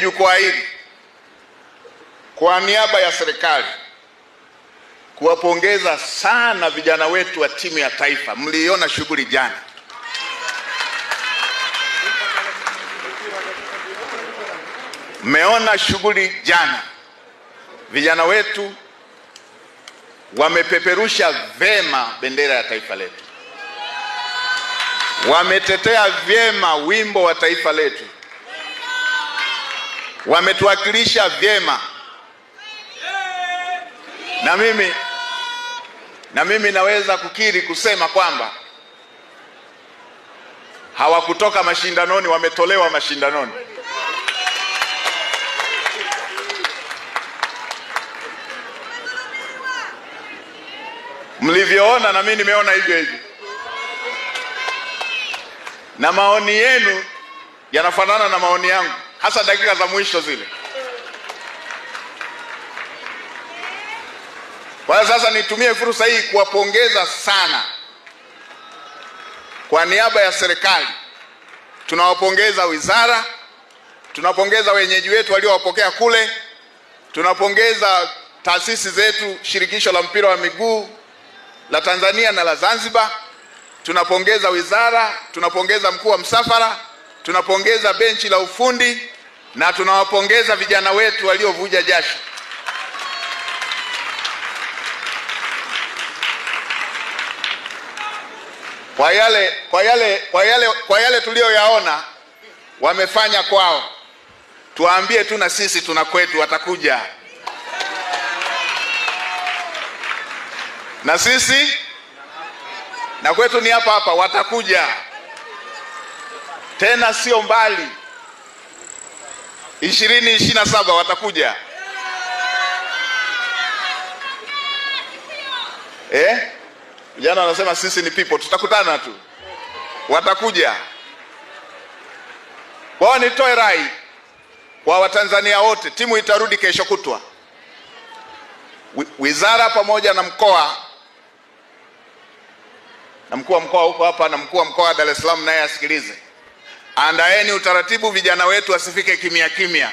Jukwaa hili kwa niaba ya serikali kuwapongeza sana vijana wetu wa timu ya taifa. mliona shughuli jana, mmeona shughuli jana. Vijana wetu wamepeperusha vyema bendera ya taifa letu, wametetea vyema wimbo wa taifa letu wametuwakilisha vyema, na mimi na mimi naweza kukiri kusema kwamba hawakutoka mashindanoni, wametolewa mashindanoni. Mlivyoona na mimi nimeona hivyo hivyo, na maoni yenu yanafanana na maoni yangu hasa dakika za mwisho zile. Kwa hiyo sasa nitumie fursa hii kuwapongeza sana kwa niaba ya serikali. Tunawapongeza wizara, tunapongeza wenyeji wetu waliowapokea kule, tunapongeza taasisi zetu, shirikisho la mpira wa miguu la Tanzania na la Zanzibar, tunapongeza wizara, tunapongeza mkuu wa msafara, tunapongeza benchi la ufundi, na tunawapongeza vijana wetu waliovuja jasho kwa yale, kwa yale, kwa yale, kwa yale tuliyoyaona wamefanya kwao. Tuwaambie tu na sisi tuna kwetu, watakuja na sisi na kwetu ni hapa hapa, watakuja tena, sio mbali ishirini ishirini na saba watakuja eh? Vijana wanasema sisi ni people, tutakutana tu, watakuja kwao. Nitoe rai kwa Watanzania wote, timu itarudi kesho kutwa. Wizara pamoja na mkoa na mkuu wa mkoa huko hapa na mkuu wa mkoa wa Dar es Salaam naye asikilize. Andaeni utaratibu, vijana wetu wasifike kimya kimya.